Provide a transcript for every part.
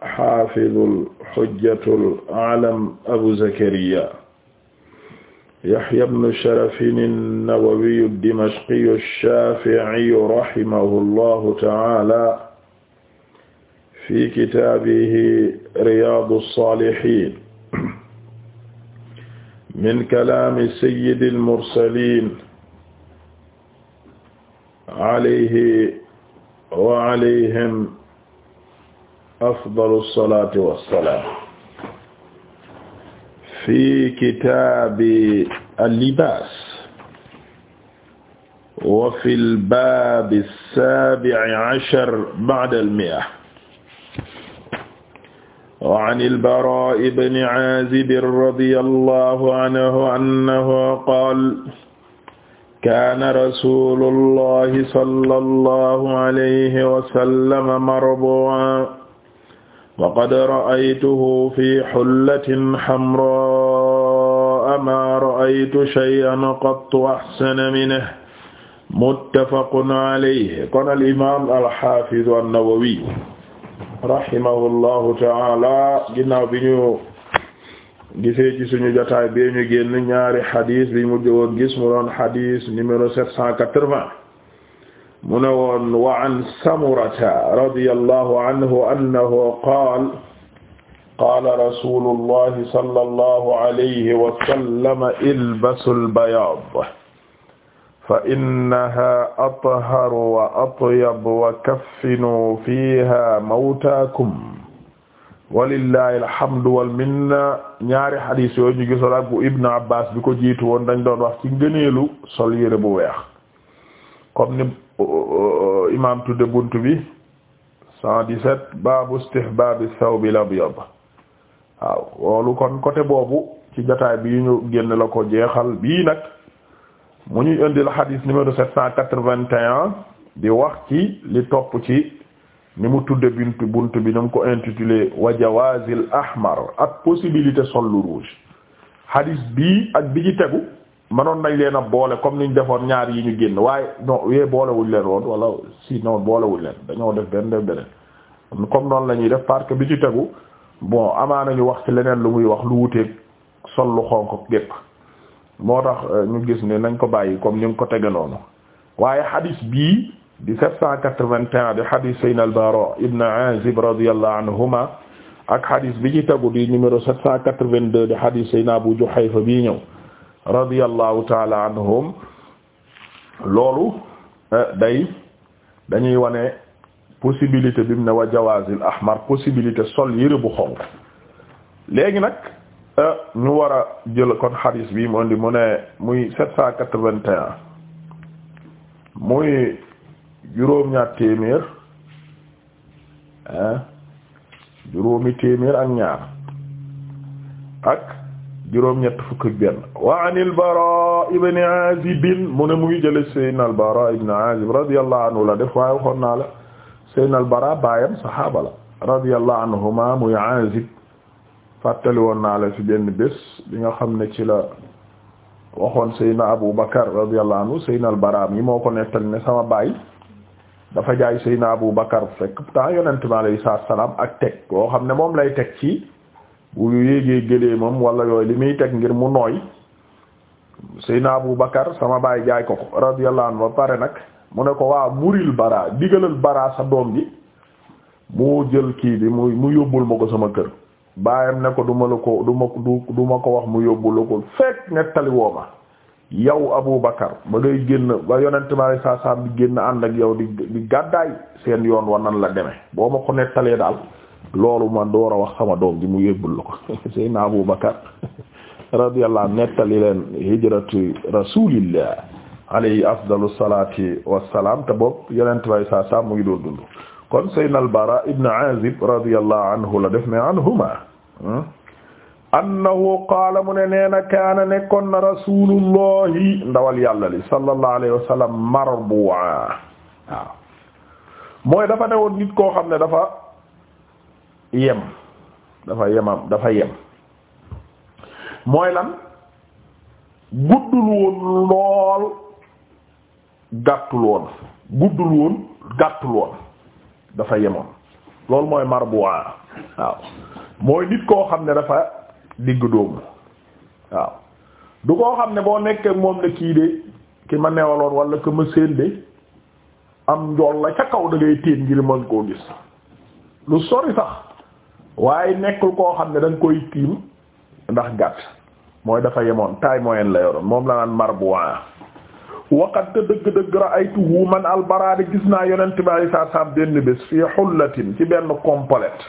xaafidul xujjatul alam abu zakariya yahya ibnu sharafin an-nawawiyu ad-dimashqiyu ash-shaafi'iyu rahimahu llahu ta'aala fi kitaabihi riyaadu saalihiin min kalaami sayyidil mursaliin alayhi wa alayhim afdalu salaati wassalaam fi kitaabi al-libaas wa fil baabi as-saabi'i ashar ba'da al-mi'a wa 'an al-Baraa' ibn 'Aazib radiyallahu anhu annahu qaala kaana rasuulullahi sallallahu alayhi wa sallam marfuu'an waqad ra'aytuhu fi xullatin xamraa maa ra'aytu shay'an qattu axsana minhu muttafaqun alayhi kon al imaam al xaafiz an-Nawawi rahimahullahu ta'ala ginnaaw bi ñu gisee ci suñu jotaay bi ñu génn ñaari xadis bi mu jógoon gis mu doon xadis numéro 780 mu ne woon wa an samurata radiyallahu anhu annahu qaala qaala rasuulullahi sallallahu alayhi wa sallam ilbasul bayaad fa innahaa atharu wa atyabu wa kaffinuu fiihaa mawtaakum walillahi alhamdu wal minna ñaari xadiis yooyu ñu gisoon ak bu Ibn Abbas bi ko jiitu woon dañ doon wax ci ngëneelu sol yére bu weex comme ni imaam tudde bunt bi cent dix-sept bi istihbaabi thawbil abyad waaw loolu kon côté boobu ci jotaay bii ñu génn la ko jeexal bii nag mu ñuy indil xadiis numéro sept cent quatre-vingt-un di wax ci li topp ci ni mu tudde bunt bunt bi ni mu ko intitulé wa jawaazil ahmar ak possibilité sol lu rouge xadiis bii ak bi ci tegu manoon nañ leen a boole comme ni ñu defoon ñaar yi ñu génn waaye non yee boolewuñ leen woon wala si non boolewuñ leen dañoo def benn def beneen comme noonu la ñuy def parce que bi ci tegu bon amaana ñu wax ci leneen lu muy wax lu wuteeg sol lu xonk gépp moo tax euh, ñu gis ne nañ ko bàyyi comme ñu ngi ko tege noonu waaye hadith bii di 781 di hadith Sayyidina al-Bara ibn Azib radiyallahu anhuma ak hadith bi ci tegu di numéro 782 di hadith Sayyidina Abu Juhayfa bii ñëw radiyallahu taala anhum loolu eh, day dañuy wane possibilité bim mu ne wa jawazil ahmar possibilité sol yëre bu xonq léegi nag eh, ñu war a jël kon xadis bi mu indi mu ne muy sept muy juróom-ñaar téeméer eh, juróomi téeméer ak ñaar ak juróom-ñett fukk ak benn wa an al-Bara ibn Azib mu ne mu ngi jële Seydina al-Bara ibn Azib radiyallahu anhu waaye waxoon naa la Seydina al-Bara baayam saxaaba la radiyallahu anhuma muy naa la fi benn bés bi nga xam ne ci la waxoon Seydina Abu Bakar radiyallahu anhu Seydina al-Bara mi moo ko nettal ne sama baay dafa jaay Seydina Abu Bakar fekk temps yonent bi alayhi salaam ak teg boo xam ne moom lay teg ci bu yéegee géléemam wala yooyu li muy teg ngir mu nooy Seydina Abu Bakar sama baay jaay ko ko radiyallahu anhu ba pare nag mu ne ko waa muril bara digalal bara sa doom bi mu jël kii bi mu mu yóbbul ma ko sama kër baayam ne ko duma la ko duma duma ko wax mu yóbbul la ko fekk nettali woo ma yow Abu Bakar ba ngay génn ba yonent ma saa saa bi génn ànd ak yow di di gàddaay seen yoon wa nan la deme boo ma ko nettalee daal loolu ma door a wax sama doom ji mu yóbbul la ko Seydina Abu Bakar radiyallahu anhu nettali leen hijratu rasulillah alayhi afdalu salati wassalam te bopp yenent way sa sa mu ngi doon dund kon Seydina anhu la hmm? mu ne nee kaana nekkoon na rasulullahi ndawal yàlla li sallallahu alayhi mooy dafa ne woon nit koo ne dafa yem dafa yemam dafa yem mooy lan guddul woon lool gàttul woon guddul woon gàttul woon dafa yemoon loolu mooy marbuwaa waaw mooy nit koo xam ne dafa digg doomu waaw du koo xam ne boo nekkee moom ne kii de ki ma newaloon wala que ma seen de am njool la ca kaw da ngay ngir mën koo gis lu sori sax waaye nekkul koo xam ne da koy tiim ndax gàtt mooy dafa yemoon taille moyenne la yoroon moom la naan marbuwaa waqat te dëgg-dëgg ra'aytuhu man albaraade gis naa yonent bi alayhi salaam benn bés fii xullatin ci benn compalette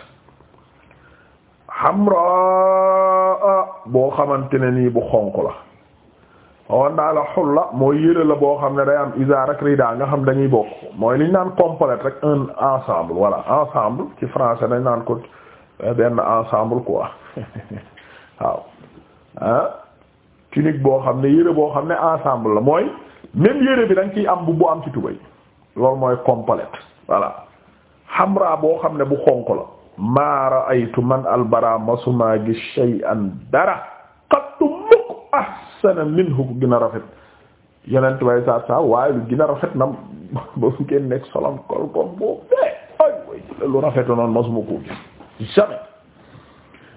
hamraa boo xamante ne nii bu xonq la woon naa la xulla mooy yére la boo xam ne day am isaar ak rida nga xam dañuy bokk mooy li ñu naan compalette rek un ensemble voilà ensemble ci français dañ naan ko benn ensemble quoi waaw ah tunique boo xam ne yére boo xam ne ensemble la mooy même yére bi da nga am bu bu am ci tubay loolu mooy complète voilà xamra boo xam ne bu xonq la ma ra'aytu man albara masuma gi shay'an dara qattu mukk ahsana minhu ku gën a rafet yeneen tubay saa saa waaye lu gën rafet na ba fu ngeen nekk solom kol ko boo fee eh, lu rafet noonu masuma ko gis jamais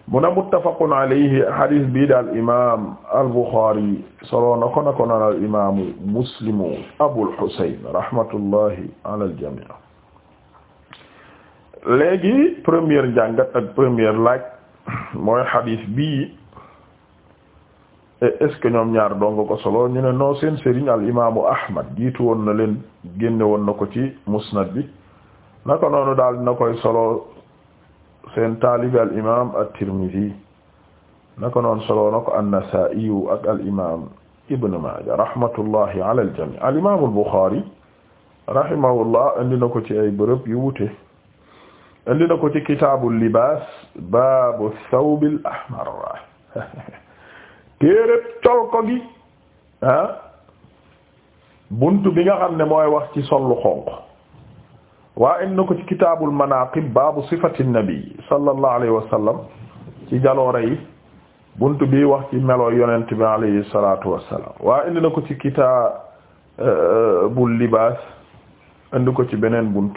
mu ne muttafaqun alayhi hadith bii daal imaam al buxaari solo na ko na ko naan al imaamu muslimu abul husayn rahmatullahi ala al jamii. léegi première njàngat ak première mooy hadith bi est-ce que ñoom ñaar dong ko solo ñu ne non seen sëriñ al imaamu Ahmad jiitu woon na leen génne woon na ko ci musnad bi naka noonu daal na koy solo. seen taalibi al imaam at-Tirmidhi naka noonu solo na ko an-Nasaa'i ak al imaam Ibn Maaja rahmatullahi ala al-jamii' al imaam al-Bukhari rahimahullah indi na ko ci ay bërëb yu wute indi na ko ci kitaabu libaas baabu thawbil ahmar téere col ko gi ah buntu bi nga xam ne mooy wax ci sollu xonq waa indi na ko ci kitaabul manaqib baabu sifati nabi sallallahu alayhi wa yi buntu bi wax ci melo yonent bi alayhi salatu wassalam waa indi ko ci kitaabul libaas indi ko ci beneen bunt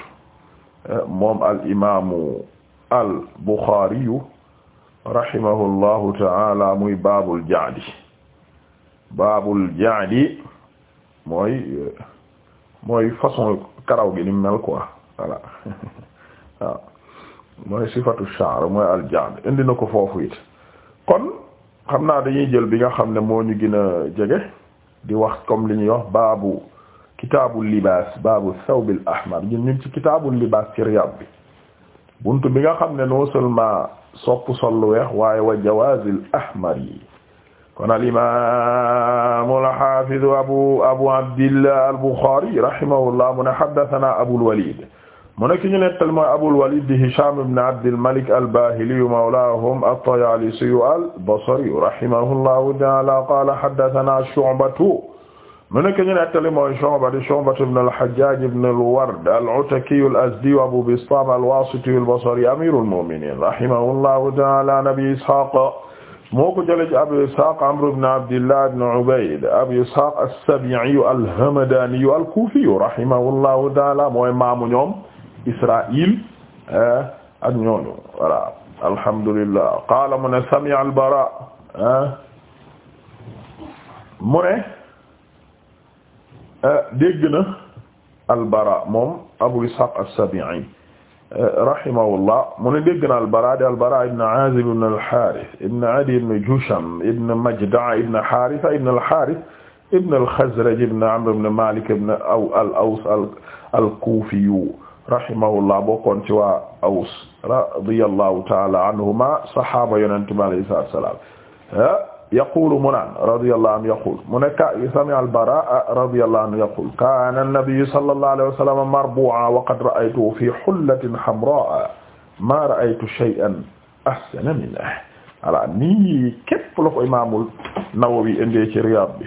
moom al imaamu al buxaariyu taala muy baabul jaadi baabul jaadi mooy mooy karaw gi ni mel quoi voilà waaw si sifatu sha'r mooy aljaad indi na ko foofu it kon xam naa dañuy jël bi nga xam ne moo ñu gën a jege di wax comme li ñuy wax baabu kitaabu libaas baabu thawbil ahmar ñun ñu ci kitaabu libaas ci Riyad bi buntu bi nga xam ne non seulement sopp sol lu weex waaye wa jawaazil ahmar yi kon al imaam al haafiz abu abu abdillah al buxaari rahimahullah mu ne haddathana abul walid mu ne ki ñu nettal mooy Abul Walid di Hisham ibn Abdil Malik al-Bahili mawlahum at-Tayalisi al-Basri rahimahullahu ta'ala qala haddathana Shu'batu mu ne ki ñu nettali mooy Shu'ba di Shu'ba ibn al-Hajjaj ibn al-Ward al-Ataki al-Azdi Abu Bistam al-Wasiti al-Basri amirul mu'minin rahimahullahu ta'ala an Abi Ishaq moo ko jëlee ci Abu Ishaq Amr ibn Abdillah ibn Ubayd Abu Ishaq as-Sabi'i al-Hamdani al-Kufi rahimahullahu ta'ala mooy maamu ñoom Israaïl eh, ak ñooñu voilà alhamdulillah qaala mu ne sami'a al-Bara eh. mu ne eh, dégg na al-Bara moom Abu Ishaq as-Sabi'i rahimahullah mu ne dégg na al-Bara di al-Bara ibn Azib ibn al-Harith ibn Adi ibn Jusham ibn Majda'a ibn Haritha ibn al-Harith ibn al-Khazraj ibn Amr ibn Malik ibn aw al-Aws al-Kufi rahimahullah bokkoon ci waa Aws radiyallahu taala anhuma sahaaba yonente bi alayhi salaatu wa salaam yaqulu mu naan radiyallahu anhu yaqul mu ne ka sami'a al-Baraa radiyallahu anhu yaqul kaana an-nabiyyu sallallahu alayhi wa sallam marbu'an wa qad ra'aytuhu fi hullatin hamraa maa ra'aytu shay'an ahsana minhu voilà nii képp la ko imaamul Nawawi indee ci Riyaad bi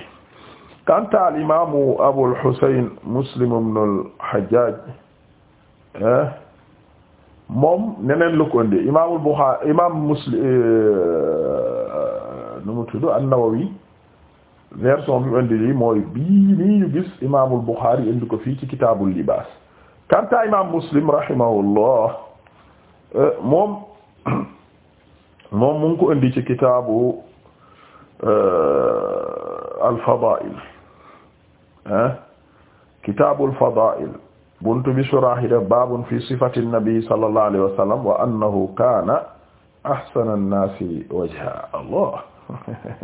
kanta al-imaamu Abul Husayn Muslim ibn al-Hajjaaj Eh? moom neneen lu ko indi imaamul Buxaari imaam Muslim eh, nu mu tudd an-Nawawi version bi mu indi lii mooy bii nii ñu gis imaamul Buxaari indi ko fii ci kitaabul libaas kanta imaam Muslim rahimahullah eh, moom moom mu ko indi ci kitaabu al-fadaa'il ah kitaabul fadaa'il buntu bi shuraahi def baabun fi sifati nabi sallallahu alayhi wa sallam wa annahu kaana ahsana an-naasi allah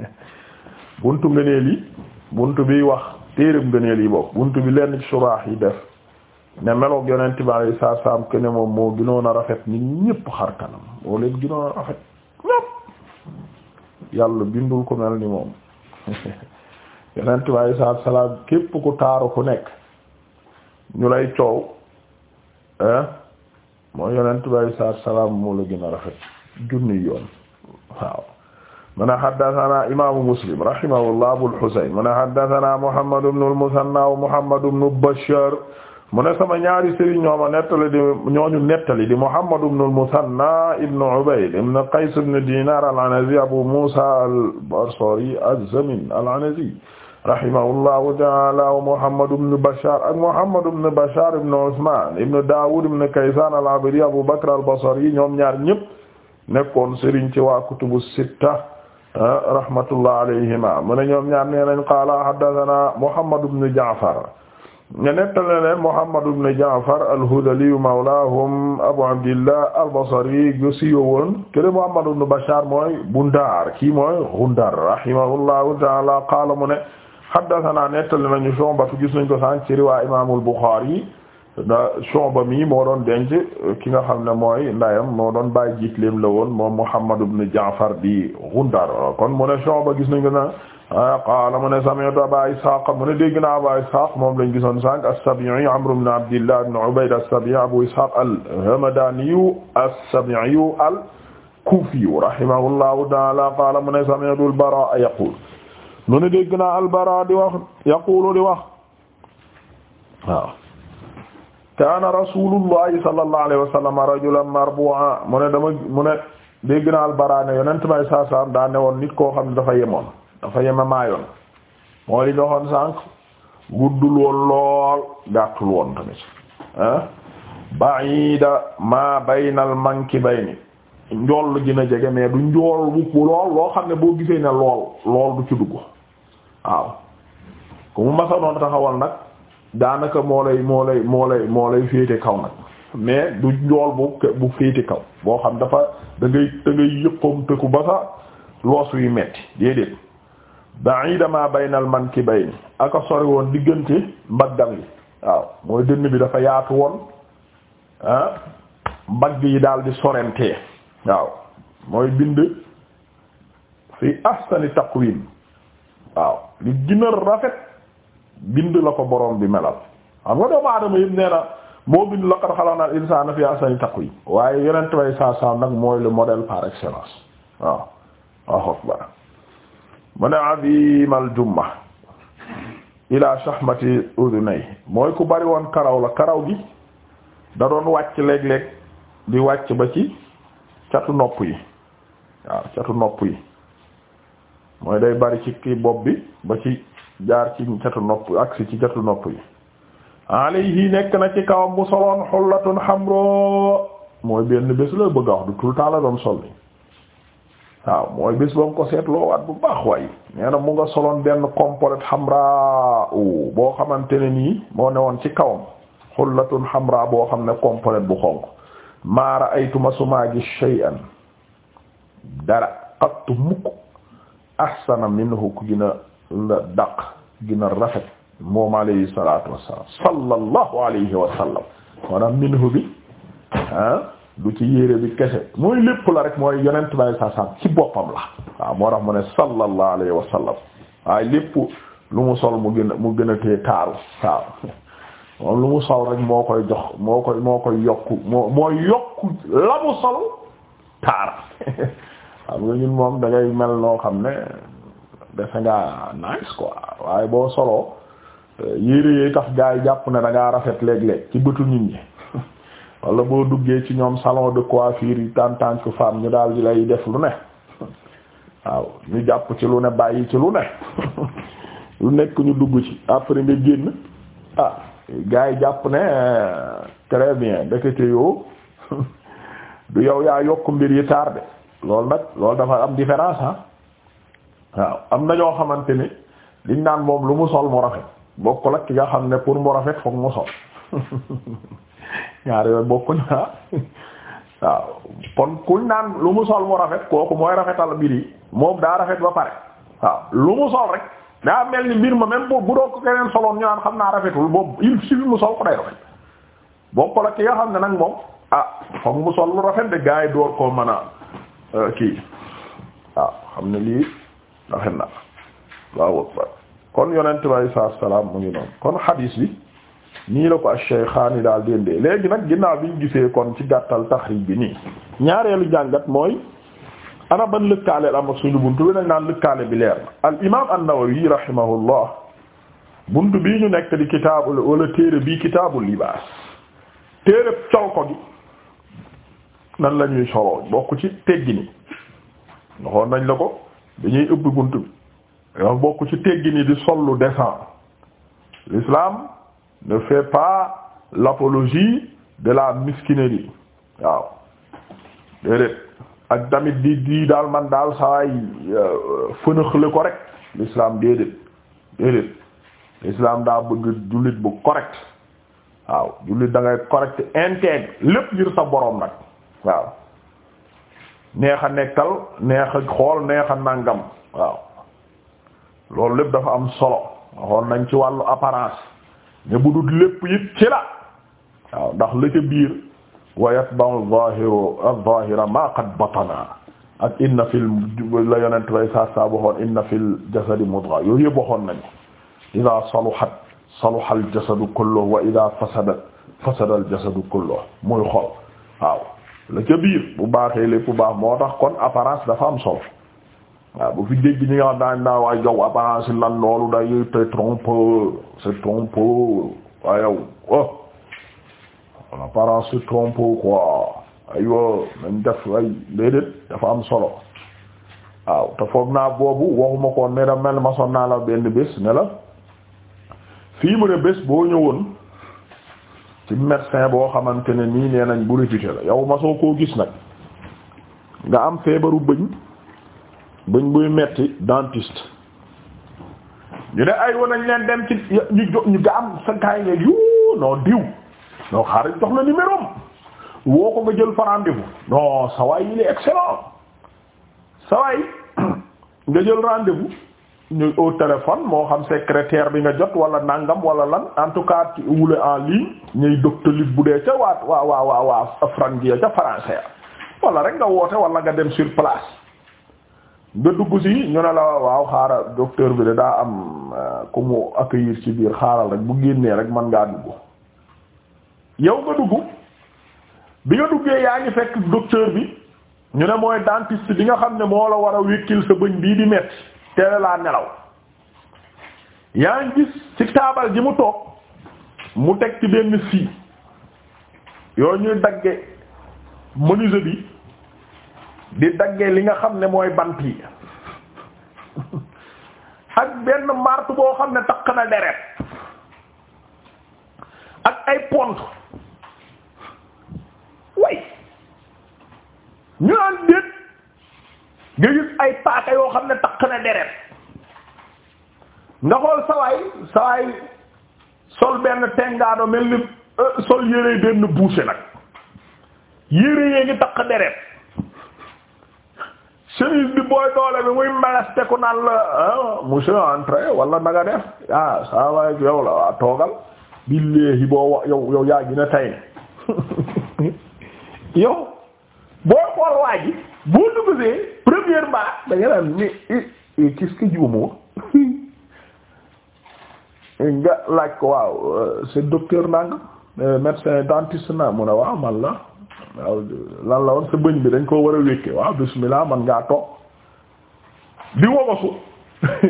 buntu ngëneel yi buntu bi wax téeréb ngëneel yi bokk buntu bi lenn ci yi def ne meloog yonent bi alayhi salaatu salaam ke ne moom moo gënoon a rafet nit ñépp xar kanam moo leen gënoon a rafet ñépp yàlla bindul ko mel ni moom yonent bi alayhi salaatu salaam képp ku taaru ku nekk ñu lay coow ah mooy yonent bi alei salaatu salaam moo la gën a rafet junni yoon waaw man haddathana imaamu Muslim rahimahullah Abul Husayn man haddathana Muhammad ibn al-Muthanna wa Muhammad ibn Bashar mu ne sama ñaari sëriñ ñooma nettali di ñooñu nettali di Muhammad ibn al-Muthanna ibn Ubayd ibn Qays ibn Dinar al-Anazi Abu Musa al-Barsari az-Zamin al-Anazi rahimahullahu ta'ala wa Muhammad ibn Bashar ak Muhammad ibn Bashar ibn Usman ibn Dawud ibn Kaysan al-Abdi Abu Bakr al-Basri ñoom ñaar ñëpp nekkoon sëriñ ci waa kutubu sitta ah, rahmatullah alayhima mu ne ñoom ñaar nee nañ qaala haddathana Muhammad ibn Ja'far ne nettale leen Muhammad ibn Ja'far al-Hudhali mawlahum Abu Abdillah al-Basri yu siiw woon kër Muhammad ibn Bashar mooy Bundar kii mooy Gundar rahimahullahu ta'ala qaala mu ne haddathana nettal nañu Shu'ba gis nañ ko sànq ci riwaa imaamul Bukhari da Shu'ba mi moo doon denc ki nga xam ne mooy ndayam moo doon bàyyi jiitleem la woon moom Muhammad ibn Ja'far di Ghundar kon mu ne Shu'ba gis nañ ko na ah, qaala mu ne sami'tu Abaa Ishaaq mu ne dégg naa Abaa Ishaaq moom lañ gisoon sànq as-Sabi'i Amr ibn Abdillah ibn Ubayd as-Sabi'i Abu Ishaaq al-Hamdaani as-Sabi'i al-Kufi rahimahullahu ta'ala qaala mu ne sami'tu al-Baraa yaqul mu ne dégg naa albara di wax yaqulu di wax waaw kaana rasulullahi sallallahu alayhi wa sallam rajulan marbu'a mu ne dama mu ne dégg naa albara ne yonent may saa saam woon nit koo xam ne dafa yemoon dafa yema maayoon moo li doxoon sànq guddul woon lool gàttul woon tamit ah ba'ida ma baynal mankibayni njool lu gën a jege mais du njool bu lool loo xam ne boo gisee ne lool lool du ci dugg waaw ku mu masanoon taxawal nag daanaka moo lay moo lay moo lay moo lay féete kaw nag mais du njool bu bu féete kaw boo xam dafa da ngay da ngay ba sa loosu yu metti déedéet ba'ida ma baynal mankibayn aka sori woon diggante mbaggam yi waaw mooy dënn bi dafa yaatu woon ah mbagg yi daal di sorentee waaw mooy bind fi ahsani taqwim waaw li gën rafet bind la ko boroom bi melal xam nga doomu aadama yëpp nee moo bind laqad xalaqnal insaana fii ahsani taqwiim waaye yeneen way saa nag mooy le modèle par excellence waaw waaw akbar mu ne azimal jumma ila shahmati udunay mooy ku bari woon karaw la karaw gi da doon wàcc léeg-léeg di wàcc ba ci catu nopp yi waaw catu nopp yi mooy day bari ci kii bopp bi ba ci jaar ci catu nopp aksi ci jatu nopp yi alayhi nekk na ci kawam bu soloon xullatun xamroo mooy benn bés la bëgg a wax du tout le temps la doon sol waaw mooy bés ba mu ko seetloo waat bu baax waaye nee mu nga soloon benn complet xamra boo xamante ne nii moo ne woon ci kawam xullatun xamraa boo xam ne complet bu xonq maara aytuma sumaa gi dara qattu mukk ahsana minhu ku gën a la daq gën a rafet moom alayhi salatu wassalam sallallahu alayhi wa sallam maanaam minhu bi ah du ci yére bi kese mooy lépp la rek mooy yonent bi alayhi salaam ci boppam la waaw moo tax mu ne sallallahu alayhi waaye lépp lu mu sol mu gën a mu gën a tee taaru waaw moom lu mu sol rek moo koy jox moo koy moo koy yokku moo moo yokku la mu sol taar xam nga ñun moom da ngay mel noo xam ne defe ngaa nice quoi waaye boo soloo euh, yére yooyu tax gaa yi jàpp ne da rafet léeg-léeg ci bëtu nit ñi wala boo duggee ci ñoom salon de coiffure yi tànk que femme ñu daal di lay def lu ne waaw ñu jàpp ci lu ne bàyyi ci lu ne lu nekk ñu dugg ci après nga génn ah gaa yi jàpp ne euh, très bien ndekete yoo du yow yaa yokk mbir yi tardé. loolu nag loolu dafa am différence ah waaw am na ñoo xamante ni liñ naan moom lu mu sol mu rafet bokkul ak ki nga xam ne pour mu rafet fokk mu sol ñaar yooyu bokkuñ ah waaw naan lu mu sol mu rafet kooku mooy rafetal mbir yi moom daa rafet ba pare waaw lu mu sol rek daa mel ni mbir ma même bu doon ko keneen xam naa rafetul boobu il suffit mu sol ko day bokkul ak ki nga xam ne nag moom ah fokk mu sol lu rafet de gaa yi door ko mën a. Euh, kii waaw ah, xam na waaw akbar kon yonent bi alay salaam mu ngi noonu kon xadiis bi nii la ko ash-shaykhaani daal déndee léegi nag ginnaaw bi ñu gisee kon ci gàttal taxriij bi nii ñaareelu jàngat mooy ana ban lëkkaale am ak suñu buntu bi nañ naan lëkkaale bi leer na al imaam an-Nawawi rahimahullah buntu bii ñu nekk di kitaabul wala téere bii kitaabul libaas téere col ko gi nan la ñuy soloo bokk ci teggini waxoon nañ la ko dañuy ëpp bunt bi bokk ci teggini di sollu décent l'islam ne fait pas l'apologie de la miskinerie waaw déedéet ak tamit di di daal man daal sawaay euh, fënaxle ko rek l'islam déedéet déedéet l'islam daa bëgg jullit bu correct waaw jullit da ngay correct intègre lépp ngir sa borom nag waaw neex a nekkal neex a xool neex a nàngam waaw loolu lépp dafa am solo waxoon nañ ci wàllu apparence ne bu dut lépp it ci la waaw ndax la ca biir wa yatba'u zahiru az-zahira ma qad batana ak inna fil la yonent bay saa saa waxoon inna fil jasadi mudgha yooyu yëpp waxoon nañ ida saluhat saluha al jasadu kulluhu wa ida fasadat fasada al jasadu kulluhu muy xol waaw la ca biir bu baaxee lépp bu baax moo tax kon apparence dafa am solo waaw bu fi dégg ñi nga wax daañ daa waay yow apparence lan loolu da yow te trompeur c'est trompeur waa yow oh l'apparence c'est trompeur quoi aywa nañ def ay déedéet dafa am solo waaw te foog naa boobu waxuma ko ne da mel ma son naa la benn bés ne fii mu ne bés boo ñëwoon ci médecin boo xamante ne nii nee nañ bu réputé la yow ma soo koo gis nag nga am feebaru bëñ bëñ buy metti dentiste ñu ne ay woon nañ leen dem ci ñu nga am sa gaay nga yoo noo diw noo xaaral jox la numéro woo ko nga jël rendez-vous non sa waay il excellent sa nga jël rendez-vous ñu au téléphone moo xam secrétaire bi nga jot wala nangam wala lan en tout cas wule en ligne ñuy Doctolib bu dee ca waat waa waa waa waa ca français wala rek nga woote wala nga dem sur place nga dugg si ñu ne la waaw xaaral docteur bi de daa am euh, ku mu accueillir ci biir xaaral rek bu génnee rek mën ngaa dugg yow nga dugg bi nga duggee yaa ngi fekk docteur bi ñu ne mooy dentiste bi nga xam ne moo la war a wékkil sa bëñ bii di metti tere laa nelaw yaa ngi gis ci taabal ji mu toog mu teg ci benn fii yooyu ñuy dagge menuisier bi di dagge li nga xam ne mooy bant yi ak benn martu boo xam ne takk na deret ak ay pont way ñu naan déet nga gis ay paaka yoo xam ne deret nga xool sawaay sawaay sol benn tengaado mel ni euh, sol yére benn bouché nag yére yee ngi takk deret chemise bi booy doole bi muy malaste ku naan la ah, monsieur entré wala naga def ah yow la waa toogal bi léegi boo yow yow yaa gina tay yow boo xool waa ji boo duggusee premièrement da nga naan ni et quest juumoo nga laaj ko waaw euh, c'est docteur nang euh, médecin dentiste na mu ne waaw man la lan la woon sa bëñ bi dañ koo war a wékke waaw bismillah man ngaa toog di womasu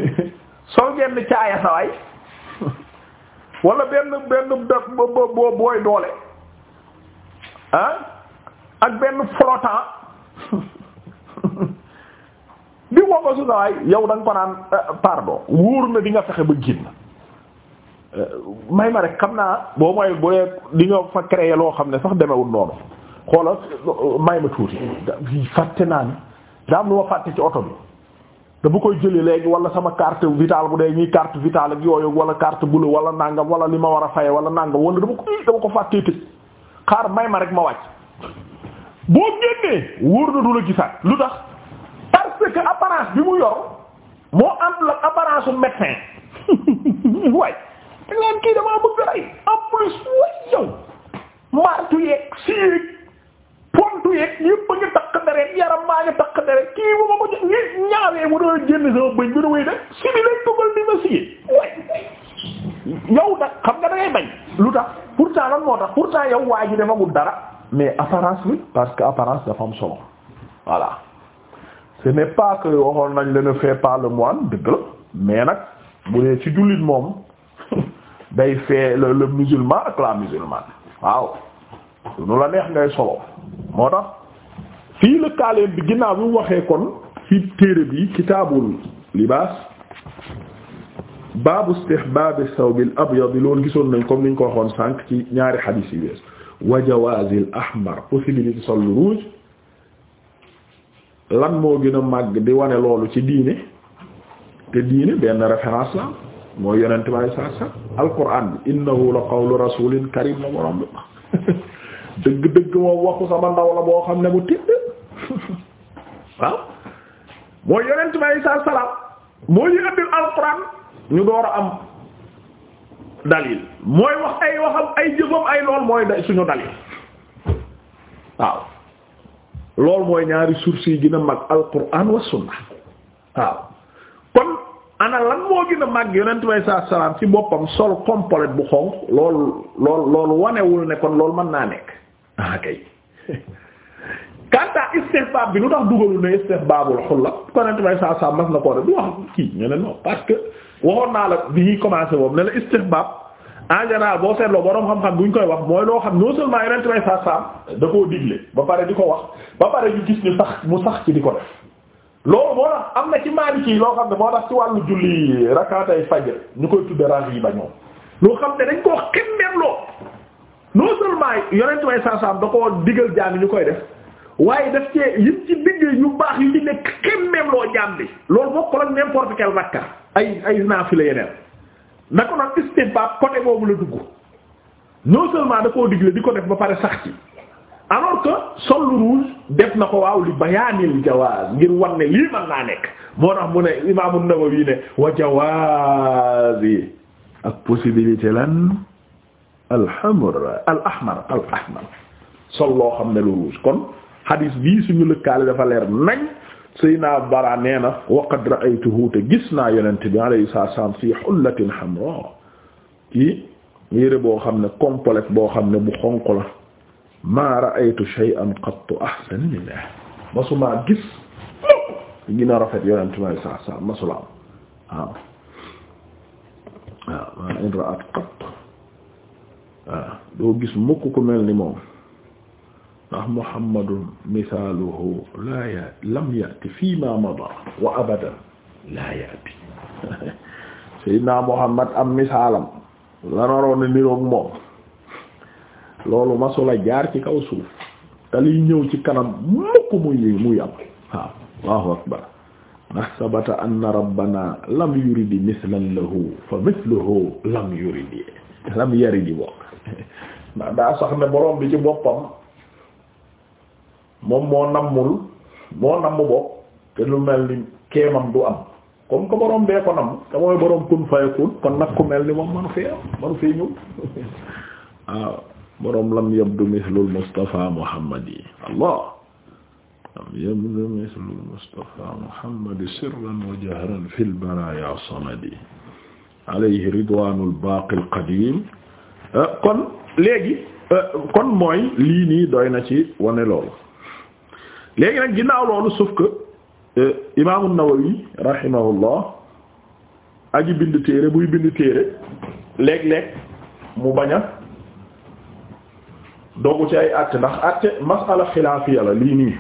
soo genn caaya sawaay wala benn benn da bo booy doole ah ak benn frottant li woo ko su sawaay yow da nga ko naan euh, pardon wóor na di nga fexe ba génn euh, may ma rek xam naa boo mooy bu dee di nga fa créer loo xam ne sax demewul noonu xoola euh, may ma tuuti fàtte naa ni daa am lu ma fàtte ci oto bi da bu koy jëlee léegi wala sama carte vitale bu dee ñuy carte vitale ak yooyu wala carte bleue wala nangam wala li ma war a faye wala nangam wala dama ko dama ko fàttee tëj xaar may ma rek ma wàcc boo génnee wóor na du la gisaat lu tax parce apparence bi mu yor moo am la apparence su médecin waaye da kii damaa bëgg rey en plus way yow martu yeeg siyeeg pontu yeeg yëpp a ngi takk deret yaram maa ngi takk deret kii bu ma ko j ngi ñaawee mu doon génn sama bëñ bi da way def si bi lañ dugal di ma siye way yow nag xam nga da bañ lu tax pourtant lan moo tax pourtant yow waa ji defagul dara mais apparence bi parce que apparence dafa am solo voilà ce n'est pas que waxoon nañ la ne fait pas le moine dëgg la mais nag bu dee ci jullit moom day fee le le musulman ak la musulmane waaw nu la neex ngay solo moo tax fii la kaaleem bi ginnaaw bi mu waxee kon fi téere bi kitaabul libaas baabu istihbaab as-sawb al-abyad loolu gisoon nañ comme ni ko waxoon sànq ci ñaari xadiis yi wees wa jawaazil ahmar possibilité sol lu rouge lan moo gën a màgg di wane loolu ci diine te diine benn référence la moo yonent baay saa saa alquran bi innahu la qawlu rasulin karim la borom bi dëgg dëgg moom waxu sama ndaw la boo xam ne bu tidd waaw mooy yonent baay saa salaam moo ñu andil alquran ñu door a am dalil mooy wax ay waxam ay jëfam ay lool mooy suñu dalil waaw loolu mooy ñaari sources yi gën a mag alquran wa sunna waaw kon ana lan moo gën a mag yonent bay saa salaam ci boppam sol complet bu xonq loolu loolu loolu wanewul ne kon loolu mën naa nekk ah kay kanta istihbab bi lu tax dugalu ne istihbabul xulla yonent bay saa salaam mas na koo def du wax kii ñu ne non parce que waxoon naa la bi ñuy commencé moom ne la istihbab en boo seetloo boroom xam-xam ñu koy wax mooy loo xam non seulement yonent may sa da koo digle ba pare di ko wax ba pare ñu gis ñu sax mu sax ci di ko def loolu moo tax am na ci Maliki ci loo xam ne moo tax ci wàllu julli rakaatay faj ñu koy tudde rax yi ba ñoom loo xam ne dañ koo xemmeemloo non seulement yonent may sa saam da koo digal jaam ñu koy def waaye daf cee yim ci digg yu baax yu ci nekk xemmeemloo jaam bi loolu bokkul ak n'importe quel rakka ay ay naafila yeneen na ko nag istihbaab côté boobu la dugg ñoo seulement da koo digle di ko def ba pare sax ci alors que sol lu rouge def na ko waaw li bayaanil jawaaz ngir wan ne lii mën naa nekk moo tax mu ne Imaam An-Nawawi ne wa jawaaz yi ak possibilité lan alhamr al ahmar sol loo xam ne lu rouge kon hadis bii suñu lëkkaale dafa leer nañ Seyna Bara nee na wa qad ra'aytuhu te gis naa yonent bi alayhi salaam fii hullatin hamra ci yére boo xam ne complet boo xam ne bu xonq la maa ra'aytu shay'an qattu ahsan minhu masumaa gis gën rafet yonent bi alayhi salaam masula am in ra'at qattu waaw doo gis mukk ku mel ndax muhammadun misaaluhu laa yaati lam yaati fii ma mada wa abadan laa yaati sayyidina muhammad am misaalam la naroon niroog moom loolu masula jaar ci kaw suuf te ñëw ci kanam mukk muy muy am waaw allahu akbar ndax sabata anna rabbana lam yuridi mislan lahu fa misluhu lam yuridi lam yaridi bokk ndax daa sax ne borom bi ci boppam moom moo nammul moo namm bopp te lu mel ni kéemam du am comme que borom bee ko nam te mooy borom kun fayakun kon nag ku mel ni moom manu fee am manu fee ñëw waaw ah, borom lam yabdu mislul Mustafa Muhammadi Allah lam yabdu mislul Mustafa Muhammadi sirran wa jahran fil baraya samadi alayhi ridwanul baaqil qadim ah, kon léegi ah, kon mooy lii nii doy na ci wane loolu léegi nag ginnaaw loolu sauf que euh, imaamu Nawawi rahimahullah aji bind téere buy bind téere léeg-léeg mu bañ a doogu ci ay àtte ndax àtte masala xilaafiya la lii nii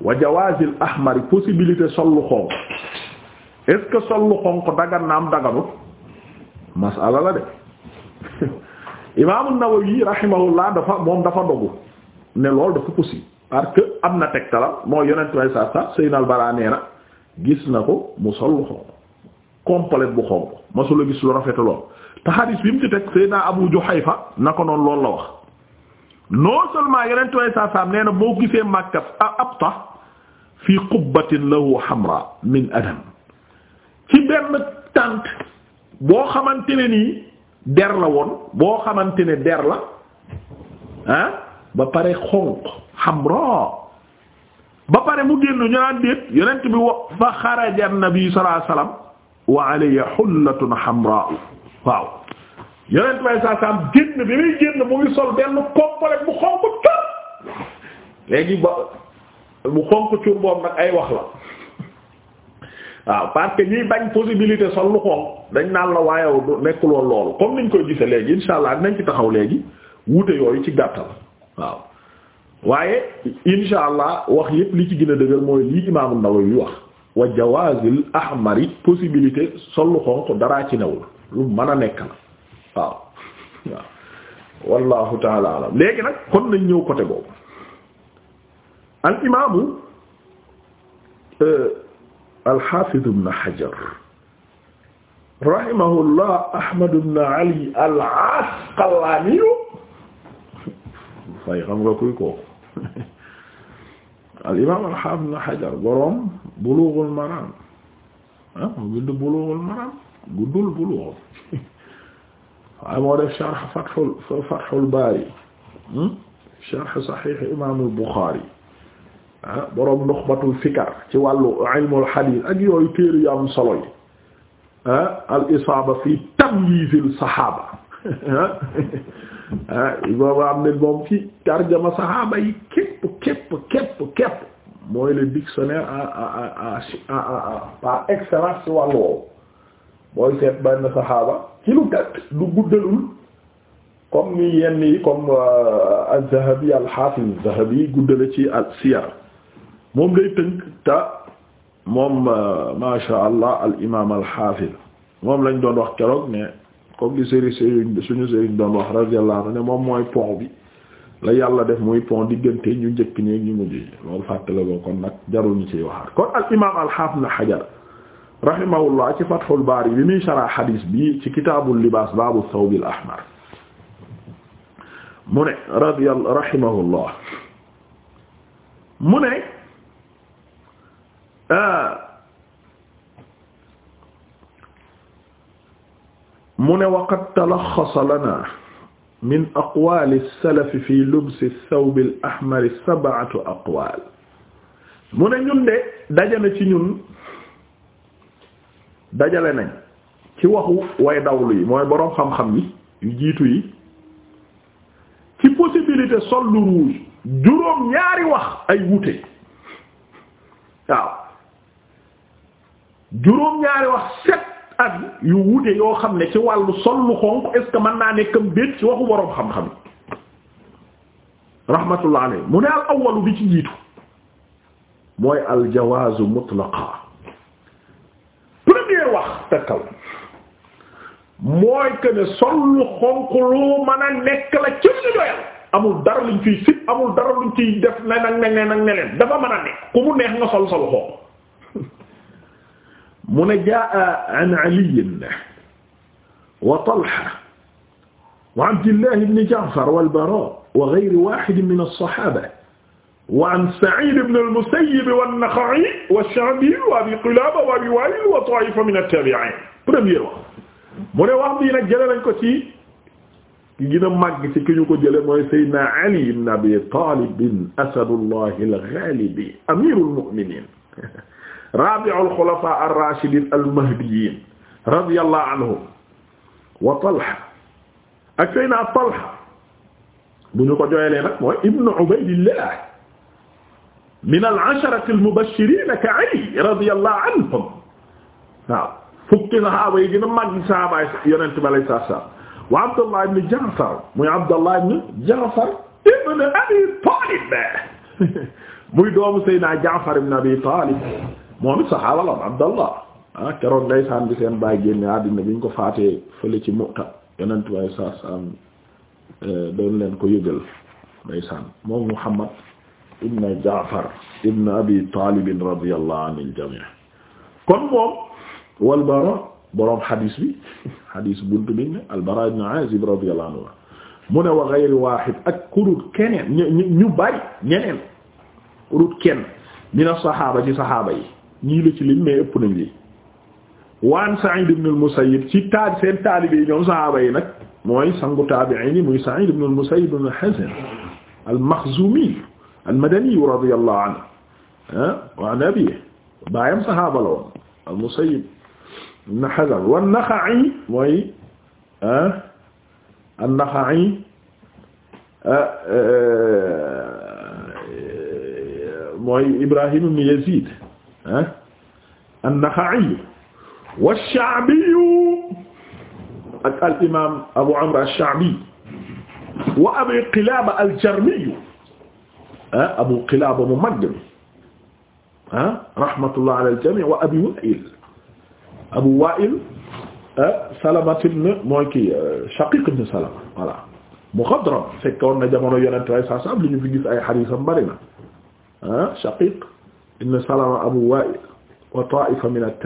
wa jawaazil ahmari possibilité sol lu xonq est que sol lu xonq dagan na am daganut masala la de imaamu Nawawi rahimahullah dafa moom dafa dogu ne loolu dafa possible parce que am na tegtalam mooy yonent way sa Seynal Bara nee na gis na ko mu sol lu xonq complet bu xonq masula gis lu rafete lool te xadis bi mu ci teg Seydina Abu Juhayfa na ko noonu loolu la wax non seulement yonent way sa sa nee na boo gisee Makka ah, ab tax fii qubbatin lahu hamra min adam ci benn tànt boo xamante ne nii der la woon boo xamante ne der la ah ba pare xonq xamra ba pare mu génn ñu naan déet yonent bi wa fa xaraja nabi sallallahu alayhi wasallam wa alayhi hullatun hamra waaw yonent bi saa saam génn bi muy génn mu ngi sol benn complet bu léegi ba bu xonq cur boobu nag ay wax la waaw parce que ñuy bañ possibilité sol lu xonq dañ naan la waaye nekkul woon loolu comme niñ koy gisee léegi insha allah nañ ci taxaw léegi wuute yooyu ci gàttal waaw waaye insha allah wax yépp li ci gën a dëgër mooy lii imaamu Nawawi wax wa jawaazil ahmari possibilité sollu xonq daraa ci newul lu mën a nekk la waaw waaw wallahu taala alam léegi nag kon nañ ñëw côté boobu al imaamu euh, al xaafiz ibn Hajar Ahmad ibn Ali al Asqalaani say xam nga kuy kooku al imaam al haafid na Hajar boroom Bulughul Maram ah mu bind Bulughul Maram guddul Bulugh waaye moo def sharh Fathul Fathul Baari hmm? sharh Sahih imaamul Bukhari ah boroom Nukhbatul Fikar ci wàllu ilmul hadiis ak yooyu téere yu am solo yi ah al isaaba fi tamyiizil sahaaba ah boobu am ne moom ci tarjama saxaaba yi képp képp képp képp mooy le dictionnaire par excellence ci wàllu woowu benn saxaaba ci lu gàtt lu guddalul comme ni yenn yi comme euh, az-Zahabi al-Hafiz az siyar moom day tënk te moom euh, ma sha Allah al-imam al moom lañ doon wax keroog ne. comme li seri sëriñ suñu sëriñ doon wax radiyallahu anhu ne moom mooy pont bi la yàlla def muy pont diggante ñu njëkk ñeeg ñu mujj loolu fàttale ko kon nag jaruñu ñu waxaat kon al imaam al na xajar rahimahullah ci fathul baari bi muy sharah hadis bi ci kitaabul libaas baabu thawbil ahmar mu ne radiyallahu rahimahullah mu ne ah, mu ne waqad talaxasa lana min aqwali salafi fi lubsi thawb al ahmar sab'atu aqwal mu ne ñun de dajale ci ñun dajale nañ ci waxu way dawlu yi mooy boroom xam-xam yi yu jiitu yi ci possibilité sol lu rouge juróom ñaari wax ay wute waaw juróom ñaari wax set avis yu wute yoo xam ne ci wàllu sol lu xonq est-ce que mën naa nekkam déet ci waxu boroom xam-xam rahmatullah alayhi mu ne al awwalu bi ci jiitu mooy al jawaazu mutlaqa premier wax te kaw mooy que sol lu xonq lu mën a nekk la ci ñu doyal amul dara luñ fii sit amul dara luñ ciy def ne nag ne ne nag ne dafa mën a nekk ku mu neex nga sol sol xonq mu ne jaa an aliyin wa talha wa abdillah ibn jaafar wal baraa wa ghayri waahidin min as-sahaaba wa an sa'iid ibn al-musayyib wan-naxa'i wash-sha'bi wa abi qilaaba wa abi waa'il wa taa'ifa min at-taabi'iin premier wax mu ne wax bii nag jële nañ ko ci ki gën a màgg ci ki ñu ko jële mooy sayyidina ali ibn abi taalib asadullahi al-ghaalib amiirul mu'miniin rabi'ul xulafaa ar-raashidiin al-mahdiyyiin radiyallahu anhum wa Talha ak Seydina Talha bu ñu ko jooyalee nag mooy ibnu Ubaydillah min al-asharati al-mubashshiriina ka Ali radiyallahu anhum waaw fukki saxaaba yi gën a màgg saxaaba Yonent bi alayhi salaam wa Abdullah ibn Ja'far muy Abdullah ibn Ja'far ibn Abi Talib muy doomu Seydina Ja'far ibn Abi Talib moom it saxaaba la abdallah ah keroog bi seen baay génne àddina bi ñu ko faatee fële ci Mu'ta yonent waaye saa saam leen ko yëgal ndeysaan moom Muhammad ibn Jaafar ibn Abi Taalib radiyallahu anil jamii bi xadiis buntu bi al Bara ibn Aazib radiyallahu anhu wa ghayri waahid ak kurut keneen ñu ñu bari ñeneen kurut kenn saxaaba ci saxaaba ñii la ci lim mais ëpp nañ lii waan Sa'id ibn al-Musayyib ci taal seen taalibe yi ñoom sahaaba yi nag mooy sangu taabi'iin yi muy Sa'id ibn al-Musayyib ibn Hazn al-Makhzumi al-Madani radiyallahu anhu ah, wa an abiihi baayam sahaaba la woon al-Musayyib ibn Hazn wan-Naxa'i mooy ah, an-Naxa'i ah, eh, mooy Ibrahim ibn Yazid an-Naxa'i wa ash-Sha'bi ak al imaam Abu Amr ash-Sha'bi wa Abi Qilaaba al-Jarmi ah Abu Qilaaba mu mag mi ah rahmatullah ala al-jami' wa Abi Wa'il Abu Wa'il Salama ibn mooy kii euh, Shaqiq ibn Salama voilà muxadram fekkoon na jamono Yonent sallallahu alayhi wa sallam li ñu fi gis ay hadiisam bari na ah Shaqiq ibn Salama Abu Wa'il wa ta'ifa min at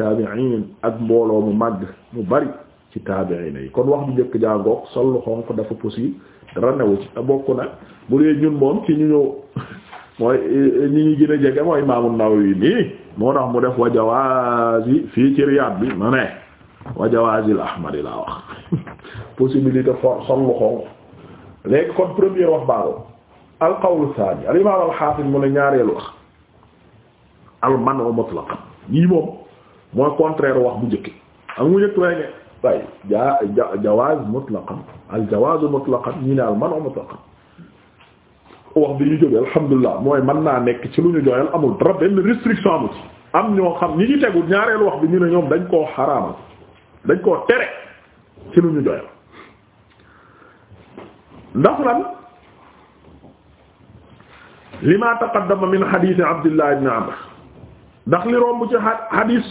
ak mbooloo mu màgg mu bari ci tabi'in yi kon wax bu njëkk jàngoog sol lu xonq dafa possible dara newu ci te bokk nag bu dee ñun moom ci ñu ñëw mooy eh, ñi ñu gën a jege mooy Imam An-Nawawi nii moo tax mu def wa jawaazi fii ci Riyad bi ma ne wa jawaazi al-ahmar laa wax possibilité for sol lu xonq kon première wax baaxul al-qawl thani al-imam al-hafiz mu ne ñaareel wax. al manu mutlaq yii moom mooy contraire wax bu njëkk ak mu njëkk waaye ne waaye ja jawaaz mutlaqan al jawaaz mutlaqan ñii ne al manu mutlaqan wax bi ñu jógee alhamdulilah mooy mën naa nekk ci lu ñu doyal amul dara benn restriction amul am ñoo xam ñi ñu tegul ñaareelu wax bi ñu ne ñoom dañ koo xaraamal dañ koo tere ci lu ñu doyal ndax lan lima taqaddama min hadith Abdullah ibn Amr ndax li romb ci hadis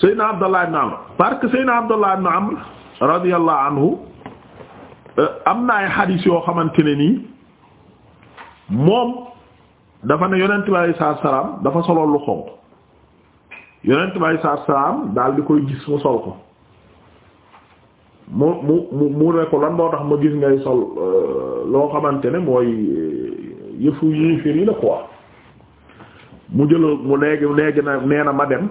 Seydina Abdallah ibn Amr parce que Seydina Abdallah ibn Amr radiyallahu anhu euh, am na ay hadis yoo xamante ne nii moom dafa ne yonent bi alayhi salaam dafa soloon lu xonq yonent bi alayhi salaam daal di koy gis mu sol ko mu mu mu mu ne ko lan doo tax ma gis ngay sol euh, loo xamante ne mooy euh, yëfu yéeféer yi la quoi mu jëlal mu léegi léegi na nee na ma dem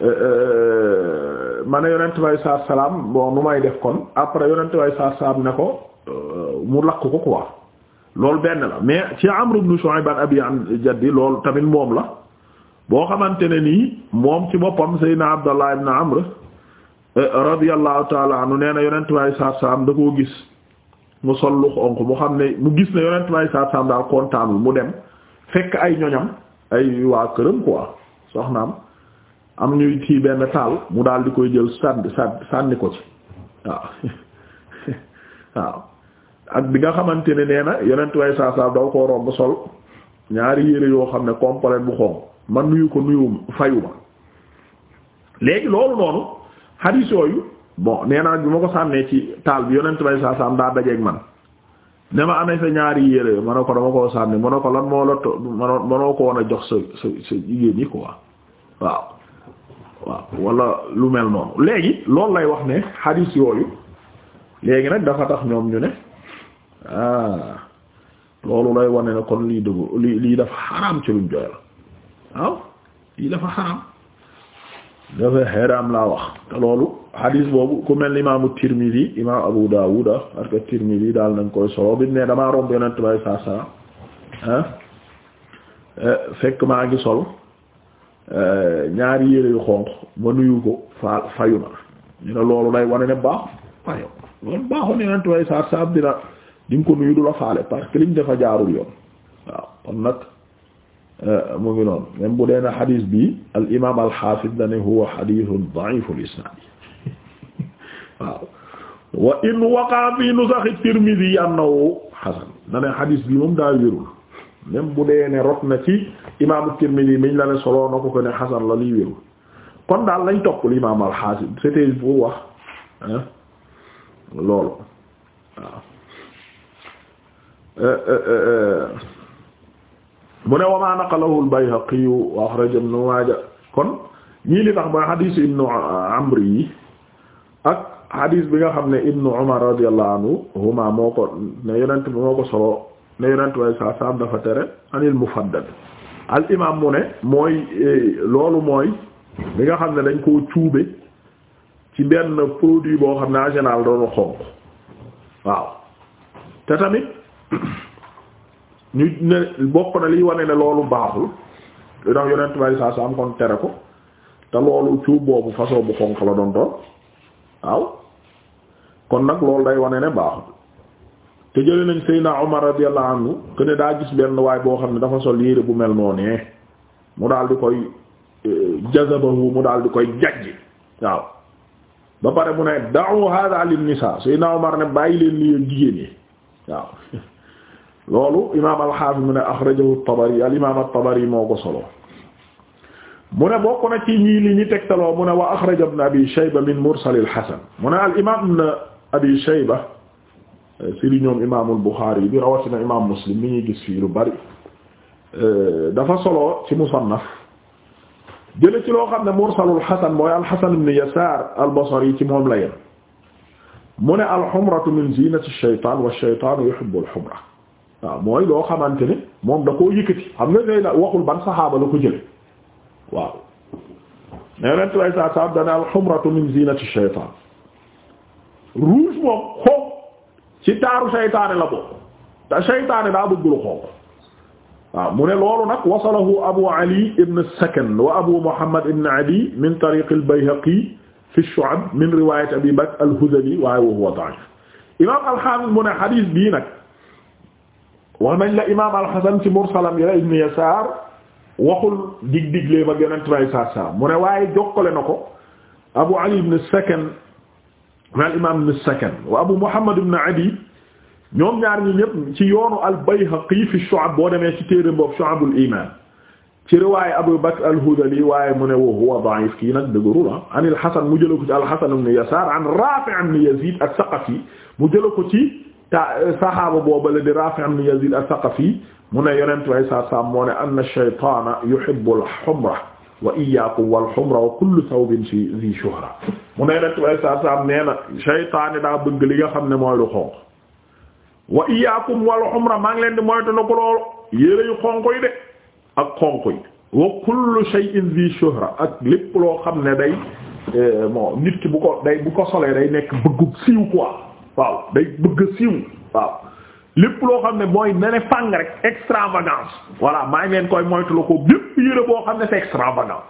euh, euh, ma ne yonent bay saa salaam bon nu may def kon après yonent bay saa salaam ne ko euh, mu lakk ko quoi loolu benn la mais ci Amr ibn Shu'ayb an abi an jaddi loolu tamit moom la boo xamante ne nii moom ci boppam Seydina Abdallah ibn Amr radiyallahu taala anhu nee na yonent bay saa salaam da koo gis mu sol lu xonq mu xam ne mu gis ne yonent bay saa daal kontaanul mu dem. fekk ay ñoñam ay waa këram quoi soxnaam am ñuy kii benn taal mu daal di koy jël sànni sànni ko ci waaw ak bi nga xamante ne nee na yonent way saa saa daw koo romb sol ñaari yére yoo xam ne complet bu xonq ma nuyu ko nuyu fayuma léegi loolu noonu hadith yooyu bon nee na bi ma ko sànnee ci taal bi yonent way saa saa am daa dajeeg man. ne ma amee sa ñaari yére man ne ko dama ko sànni ma a ko lan moo la to manoo manoo ko woon a jox sa sa sa jigéen ñi quoi waaw waaw wala lu mel noonu léegi loolu lay wax ne xadiis yooyu léegi nag dafa tax ñoom ñu ne ah loolu lay wane ne kon lii dëgg lii lii dafa xaraam ci luñ joyal waaw lii dafa xaraam dafa xaraam laa wax te loolu hadis boobu ku mel ni imaamu Tirmidi imaam Abu Daawud parce que Tirmidi daal nañ koy solo bi ne damaa romb yonent bay saa saa ah, fekk maa ngi sol eh, ñaari yére yu xonq ma nuyu ko fa fayu na ñu ne loolu day wane ne baax waaye loolu baaxoon yonent bay saa saa dina di nga ko nuyu du la faale parce que liñ dafa jaarul yoon waaw kon nag eh, mu ngi noonu même bu dee na hadis bi al imaam al xaafid dane huwa hadithun da'iful isnaad waaw wa in waqa fi nusaxi Tirmidhi annahu hasan dana xadiis bi moom daa wérul même bu dee ne rot na ci imaamu Tirmidhi miñ la ne soloo na ko ne hasan la liy wérul kon daal lañ toppal imaam al-Hasan c'était wax loolu euh, euh, euh, mu ne wa ma naqalahu al-Bayhaqi wa akhraja Ibn Maaja kon ñii li tax ba xadiisu Ibn Amri yi hadis bi nga xam ne ibnu umar radiyallahu anhu huma moo ko ne yonent bi moo ko solo ne yonent way sa dafa tere anil mufaddad al imam mu ne mooy eh, loolu mooy bi nga xam ne dañ koo cuube ci benn produit boo xam ne en général doonu xonq waaw te tamit ñu ne bokk na liy wane ne loolu baaxul ndax yonent way sa kon tere ko te loolu cuub boobu façon bu xonq la doon doon waaw kon nag loolu day wane ne baaxut te jële nañ Seydina Omar radiyallahu ne daa gis benn waay boo xam ne dafa sol yére bu mel noonee mu daal di koy eh, jazabahu mu daal di koy jajj waaw ba pare mu ne da'u hadha lin nisa Seydina Omar ne bàyyi leen li yéen jigéen ñi waaw loolu imaam al mu ne akhrajahu at-Tabari al-imaam at-Tabari moo ko solo mu ne bokk na ci ñii li ñu tegtaloo mu ne wa akhraja ibn Abi Shayba min mursal al mu ne al-imaam abi shayba siri ñoom imaamul buxaari bi rawatina imaam muslim mi ñuy gis fii lu bari eh, dafa solo ci musannaf jële ci loo xam ne mursalul xasan mooy alxasan ibn yasaar albasari ci moom la yem mu ne alxumratu min zinati shaytaan wa shaytaanu yuhibbu alxumra waaw mooy loo xamante ne moom da koo yëkkati xam nga day waxul ban saxaaba la ko jële waaw nee nent way sa sab dane alxumratu min zinati shaytaan rouge moom xonq ci taaru saytaane la bokk te saytaane daa bëgg lu xonq waaw mu ne loolu nag wasalahu abu ali ibn sakan wa abu muhammad ibn adi min tariq al-bayhaqi fi ash-shu'ab min riwayat abi bakr al-hudhali waaye wa huwa da'if imam al-hafiz mu ne hadith bii nag wax nañ la imam al-hasan ci mursalam ila ibn yasar waxul dig-diglee ma gënant bay sa sa mu ne waaye jokkale na ko abu ali ibn sakan al imam ibn Sakan wa Abu Muhammad ibn Adi ñoom ñaar ñi ñëpp ci yoonu al-Bayhaqi fi Shu'ab boo demee ci téere boobu Shu'abul Iman ci riwaaya Abu Bakr al-Hudhali waaye mu ne wa huwa da'if kii nag dëgërul ah an al-Hasan mu jëla ko ci al-Hasan ibn Yasar an Rafi' ibn Yazid as-Saqafi mu jëla ko ci ta sahaaba boobale di Rafi' ibn Yazid as-Saqafi mu ne yonent way sa sam moo ne anna ash-shaytana yuhibbu al-humra wa iyyakum wal humra wa kullu thawbin fi zi shuhra mu ne rek way sa sam nee na shaytaani daa bëgg li xam ne mooy lu xonq wa iyyakum wal humra maa ngi leen di moytu na ko loolu yére yu xonq yi de ak xonq yi wa kullu shay'in zi shuhra ak lépp loo xam ne day eh, bon nit ki bu ko day bu ko solee day nekk bëggu siiw quoi waaw day bëgg siiw waaw lépp loo xam ne mooy nene fàng rek extravagance voilà maa ngi koy moytu ko bépp yére boo xam ne c'est extravagant